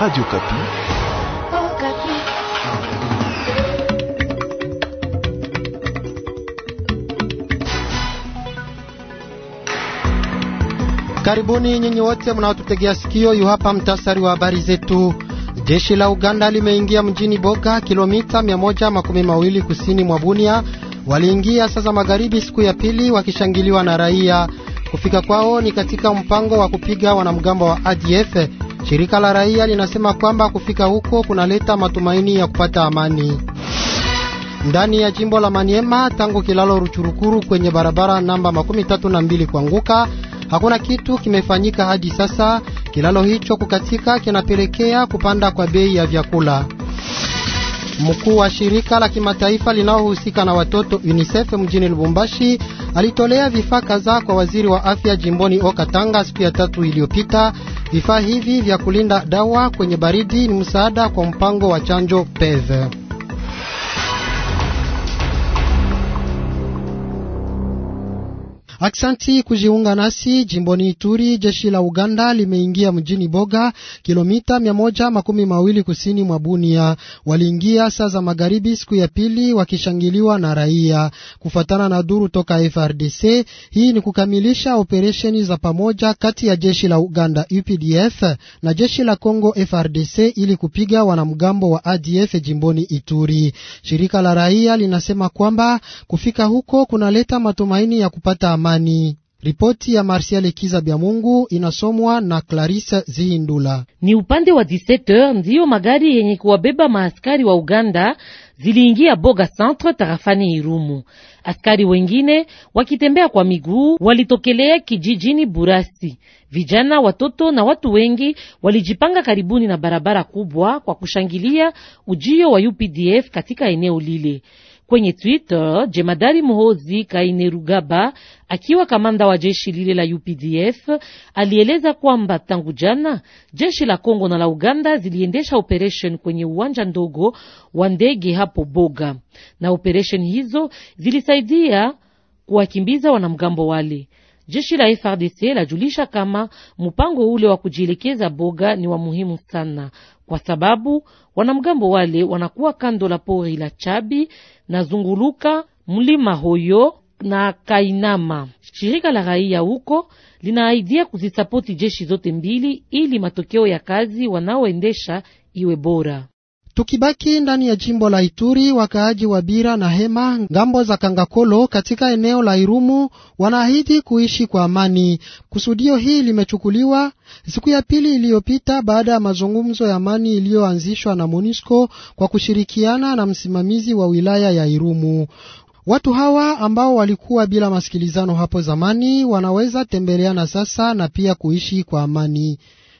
Radio Kapi. Oh, Kapi. Karibuni nyinyi wote mnaotutegea sikio, yu hapa mtasari wa habari zetu. Jeshi la Uganda limeingia mjini Boga, kilomita 120 kusini mwa Bunia. Waliingia sasa magharibi siku ya pili wakishangiliwa na raia. Kufika kwao ni katika mpango wa kupiga wanamgambo wa ADF Shirika la raia linasema kwamba kufika huko kunaleta matumaini ya kupata amani. Ndani ya jimbo la Maniema, tangu kilalo Ruchurukuru kwenye barabara namba makumi tatu na mbili kuanguka, hakuna kitu kimefanyika hadi sasa. Kilalo hicho kukatika kinapelekea kupanda kwa bei ya vyakula. Mkuu wa shirika la kimataifa linalohusika na watoto UNICEF mjini Lubumbashi alitolea vifaa kadhaa kwa waziri wa afya jimboni Okatanga siku ya tatu iliyopita Vifaa hivi vya kulinda dawa kwenye baridi ni msaada kwa mpango wa chanjo PEV. Aksanti kujiunga nasi. Jimboni Ituri, jeshi la Uganda limeingia mjini Boga, kilomita mia moja makumi mawili kusini mwa Bunia. Waliingia saa za magharibi siku ya pili, wakishangiliwa na raia. Kufuatana na duru toka FRDC, hii ni kukamilisha operesheni za pamoja kati ya jeshi la Uganda UPDF na jeshi la Kongo FRDC ili kupiga wanamgambo wa ADF jimboni Ituri. Shirika la raia linasema kwamba kufika huko kunaleta matumaini ya kupata amani amani. Ripoti ya Marsial Kiza Bya Mungu inasomwa na Clarisse Zihindula. Ni upande wa 17h ndiyo magari yenye kuwabeba maaskari wa Uganda ziliingia Boga Centre tarafani Irumu. Askari wengine wakitembea kwa miguu walitokelea kijijini Burasi. Vijana, watoto na watu wengi walijipanga karibuni na barabara kubwa kwa kushangilia ujio wa UPDF katika eneo lile. Kwenye Twitter, jemadari Muhozi Kainerugaba akiwa kamanda wa jeshi lile la UPDF alieleza kwamba tangu jana jeshi la Kongo na la Uganda ziliendesha operation kwenye uwanja ndogo wa ndege hapo Boga, na operation hizo zilisaidia kuwakimbiza wanamgambo wale. Jeshi la FRDC lajulisha kama mpango ule wa kujielekeza Boga ni wa muhimu sana, kwa sababu wanamgambo wale wanakuwa kando la pori la Chabi na zunguluka mlima hoyo na Kainama. Shirika la raia huko linaaidia kuzisapoti jeshi zote mbili ili matokeo ya kazi wanaoendesha iwe bora. Tukibaki ndani ya jimbo la Ituri, wakaaji wa Bira na Hema ngambo za Kangakolo katika eneo la Irumu wanaahidi kuishi kwa amani. Kusudio hii limechukuliwa siku ya pili iliyopita baada ya mazungumzo ya amani iliyoanzishwa na MONUSCO kwa kushirikiana na msimamizi wa wilaya ya Irumu. Watu hawa ambao walikuwa bila masikilizano hapo zamani wanaweza tembeleana sasa na pia kuishi kwa amani.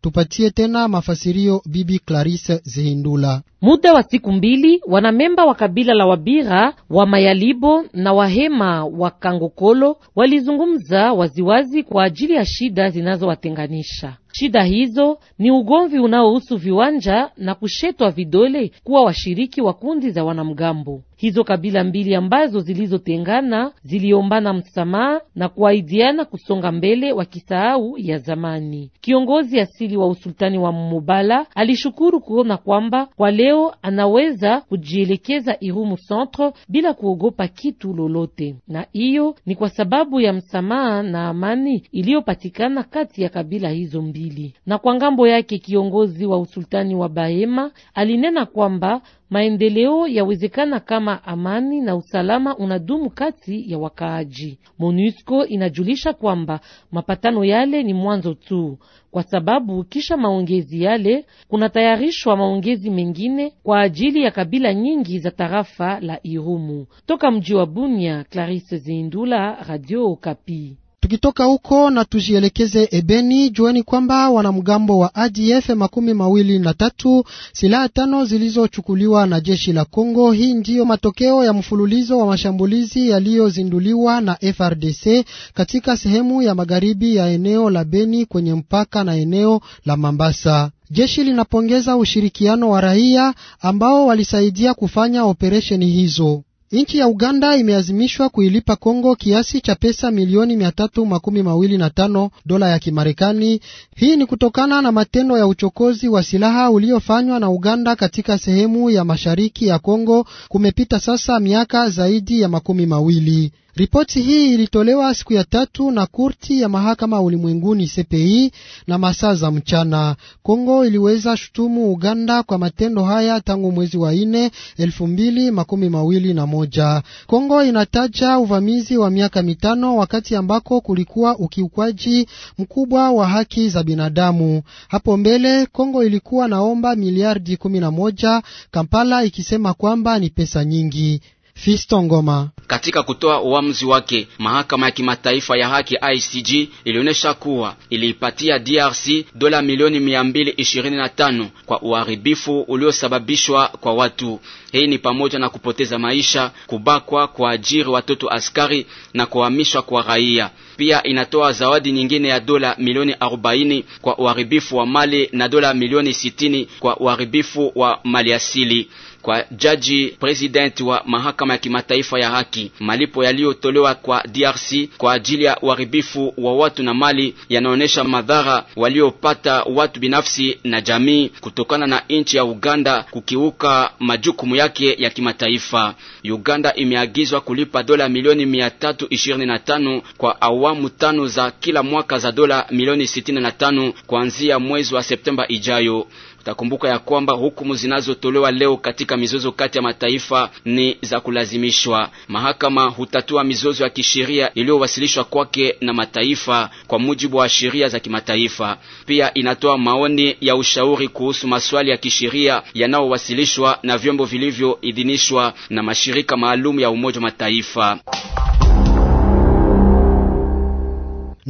Tupatie tena mafasirio Bibi Clarisse Zihindula. Muda wa siku mbili wanamemba wa kabila la Wabira wa Mayalibo na Wahema wa Kangokolo walizungumza waziwazi kwa ajili ya shida zinazowatenganisha. Shida hizo ni ugomvi unaohusu viwanja na kushetwa vidole kuwa washiriki wa kundi za wanamgambo. Hizo kabila mbili ambazo zilizotengana ziliombana msamaha na kuahidiana kusonga mbele wakisahau ya zamani. Kiongozi asili wa usultani wa Mubala alishukuru kuona kwamba kwa leo anaweza kujielekeza Irumu centre bila kuogopa kitu lolote, na hiyo ni kwa sababu ya msamaha na amani iliyopatikana kati ya kabila hizo mbili pili. Na kwa ngambo yake kiongozi wa usultani wa Bahema alinena kwamba maendeleo yawezekana kama amani na usalama unadumu kati ya wakaaji. MONUSCO inajulisha kwamba mapatano yale ni mwanzo tu, kwa sababu kisha maongezi yale kunatayarishwa maongezi mengine kwa ajili ya kabila nyingi za tarafa la Irumu. Toka mji wa Bunia, Clarisse Zindula, Radio Kapi. Tukitoka huko na tujielekeze Ebeni, jueni kwamba wanamgambo wa ADF makumi mawili na tatu silaha tano zilizochukuliwa na jeshi la Kongo. Hii ndiyo matokeo ya mfululizo wa mashambulizi yaliyozinduliwa na FRDC katika sehemu ya magharibi ya eneo la Beni kwenye mpaka na eneo la Mambasa. Jeshi linapongeza ushirikiano wa raia ambao walisaidia kufanya operesheni hizo. Nchi ya Uganda imeazimishwa kuilipa Kongo kiasi cha pesa milioni mia tatu makumi mawili na tano dola ya Kimarekani. Hii ni kutokana na matendo ya uchokozi wa silaha uliofanywa na Uganda katika sehemu ya mashariki ya Kongo kumepita sasa miaka zaidi ya makumi mawili. Ripoti hii ilitolewa siku ya tatu na kurti ya mahakama ulimwenguni CPI na masaa za mchana. Kongo iliweza shutumu Uganda kwa matendo haya tangu mwezi wa nne elfu mbili makumi mawili na moja. Kongo inataja uvamizi wa miaka mitano wakati ambako kulikuwa ukiukwaji mkubwa wa haki za binadamu. Hapo mbele Kongo ilikuwa naomba miliardi kumi na moja, Kampala ikisema kwamba ni pesa nyingi. Fisto Ngoma. Katika kutoa uamuzi wake, mahakama ya kimataifa ya haki ICJ ilionyesha kuwa iliipatia DRC dola milioni 225 kwa uharibifu uliosababishwa kwa watu hii ni pamoja na kupoteza maisha, kubakwa, kuajiri watoto askari na kuhamishwa kwa raia. Pia inatoa zawadi nyingine ya dola milioni 40 kwa uharibifu wa mali na dola milioni 60 kwa uharibifu wa mali asili kwa jaji president wa mahakama ya kimataifa ya haki. Malipo yaliyotolewa kwa DRC kwa ajili ya uharibifu wa watu na mali yanaonyesha madhara waliopata watu binafsi na jamii kutokana na nchi ya Uganda kukiuka majukumu yake ya kimataifa. Uganda imeagizwa kulipa dola milioni 325 kwa awamu tano za kila mwaka za dola milioni 65 kuanzia mwezi wa Septemba ijayo. Utakumbuka ya kwamba hukumu zinazotolewa leo katika mizozo kati ya mataifa ni za kulazimishwa. Mahakama hutatua mizozo ya kisheria iliyowasilishwa kwake na mataifa kwa mujibu wa sheria za kimataifa. Pia inatoa maoni ya ushauri kuhusu maswali ya kisheria yanayowasilishwa na vyombo vilivyoidhinishwa na mashirika maalum ya Umoja wa Mataifa.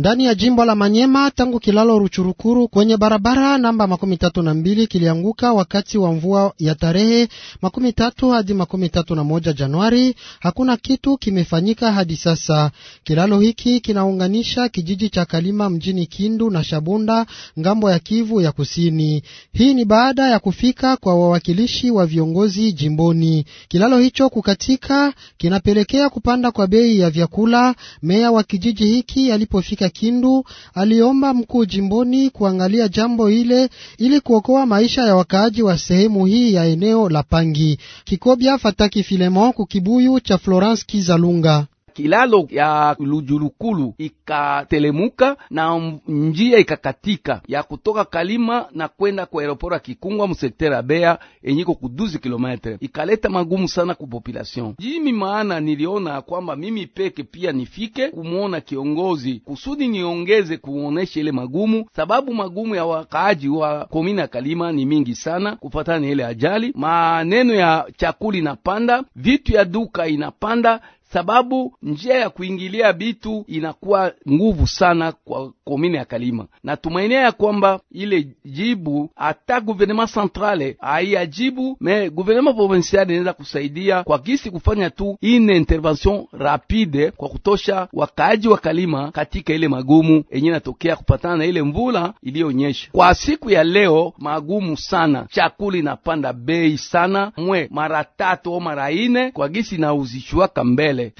ndani ya jimbo la Manyema tangu kilalo Ruchurukuru kwenye barabara namba makumi tatu na mbili kilianguka wakati wa mvua ya tarehe makumi tatu hadi makumi tatu na moja Januari. Hakuna kitu kimefanyika hadi sasa. Kilalo hiki kinaunganisha kijiji cha Kalima mjini Kindu na Shabunda ngambo ya Kivu ya Kusini. Hii ni baada ya kufika kwa wawakilishi wa viongozi jimboni. Kilalo hicho kukatika kinapelekea kupanda kwa bei ya vyakula. Meya wa kijiji hiki alipofika Kindu aliomba mkuu jimboni kuangalia jambo ile ili kuokoa maisha ya wakaaji wa sehemu hii ya eneo la Pangi. Kikobya Fataki Filemon kukibuyu cha Florence Kizalunga kilalo ya Lujulukulu ikatelemuka na njia ikakatika ya kutoka Kalima na kwenda kwa aeroporo ya Kikungwa musekter ya Bea enyiko ku 12 kilometre, ikaleta magumu sana ku population jimi. Maana niliona kwamba mimi peke pia nifike kumwona kiongozi kusudi niongeze kuonesha ile magumu, sababu magumu ya wakaaji wa komina Kalima ni mingi sana kufatana ile ajali, maneno ya chakuli inapanda, vitu ya duka inapanda sababu njia ya kuingilia bitu inakuwa nguvu sana kwa komine ya Kalima. Natumainia ya kwamba ile jibu hata guvernema centrale haiyajibu, me guvernema provincial inaweza kusaidia kwa gisi kufanya tu ine intervention rapide kwa kutosha wakaaji wa Kalima katika ile magumu enye natokea kupatana na ile mvula iliyonyesha kwa siku ya leo. Magumu sana, chakula inapanda bei sana, mwe mara tatu au mara ine kwa gisi inauzishwaka mbele Mbale.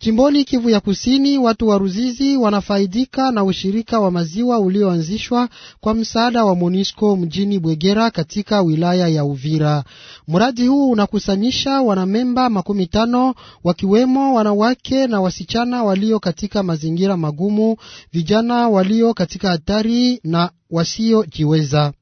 Jimboni Kivu ya Kusini, watu wa Ruzizi wanafaidika na ushirika wa maziwa ulioanzishwa kwa msaada wa MONUSCO mjini Bwegera katika wilaya ya Uvira. Mradi huu unakusanyisha wanamemba makumi tano wakiwemo wanawake na wasichana walio katika mazingira magumu, vijana walio katika hatari na wasiojiweza.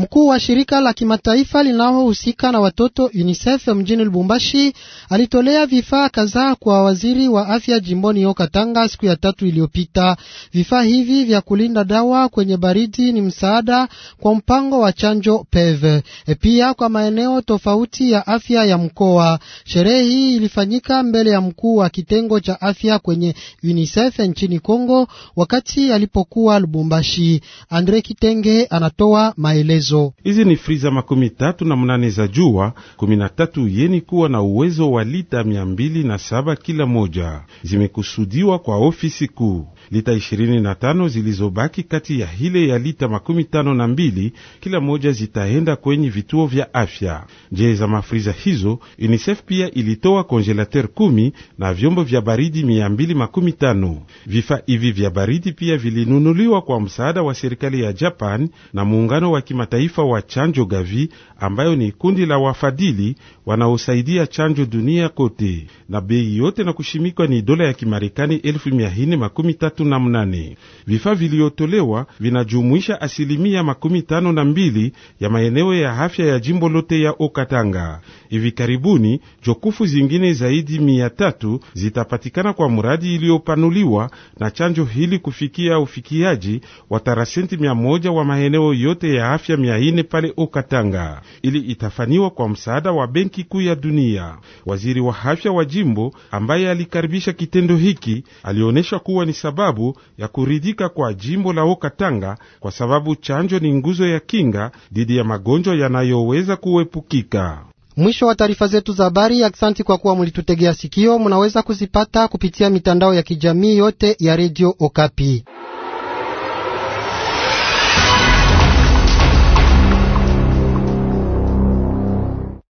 Mkuu wa shirika la kimataifa linalohusika na watoto UNICEF mjini Lubumbashi alitolea vifaa kadhaa kwa waziri wa afya jimboni Yokatanga siku ya tatu iliyopita. Vifaa hivi vya kulinda dawa kwenye baridi ni msaada kwa mpango wa chanjo PEV, e pia kwa maeneo tofauti ya afya ya mkoa. Sherehe hii ilifanyika mbele ya mkuu wa kitengo cha afya kwenye UNICEF nchini Kongo wakati alipokuwa Lubumbashi. Andre Kitenge anatoa maelezo hizo. Hizi ni friza makumi tatu na mnane za jua kumi na tatu yeni kuwa na uwezo wa lita mia mbili na saba kila moja, zimekusudiwa kwa ofisi kuu. Lita 25 zilizobaki kati ya hile ya lita makumi tano na mbili kila moja zitaenda kwenye vituo vya afya. Je, za mafriza hizo UNICEF pia ilitoa konjelater kumi na vyombo vya baridi mia mbili makumi tano. Vifaa hivi vya baridi pia vilinunuliwa kwa msaada wa serikali ya Japan na muungano wa kimataifa wa chanjo Gavi, ambayo ni kundi la wafadhili wanaosaidia chanjo dunia kote, na bei yote na kushimikwa ni dola ya Kimarekani elfu mia nne makumi tatu tatu na mnane. Vifaa viliotolewa vinajumuisha asilimia makumi tano na mbili ya maeneo ya afya ya jimbo lote ya Okatanga. Hivi karibuni jokufu zingine zaidi mia tatu zitapatikana kwa mradi iliyopanuliwa na chanjo hili kufikia ufikiaji wa tarasenti mia moja wa maeneo yote ya afya mia ine pale Okatanga, ili itafaniwa kwa msaada wa Benki Kuu ya Dunia. Waziri wa afya wa jimbo ambaye alikaribisha kitendo hiki alionyesha kuwa ni sababu ya kuridhika kwa jimbo la Okatanga kwa sababu chanjo ni nguzo ya kinga dhidi ya magonjwa yanayoweza kuepukika. Mwisho wa taarifa zetu za habari. Aksanti kwa kuwa mulitutegea sikio. Munaweza kuzipata kupitia mitandao ya kijamii yote ya redio Okapi.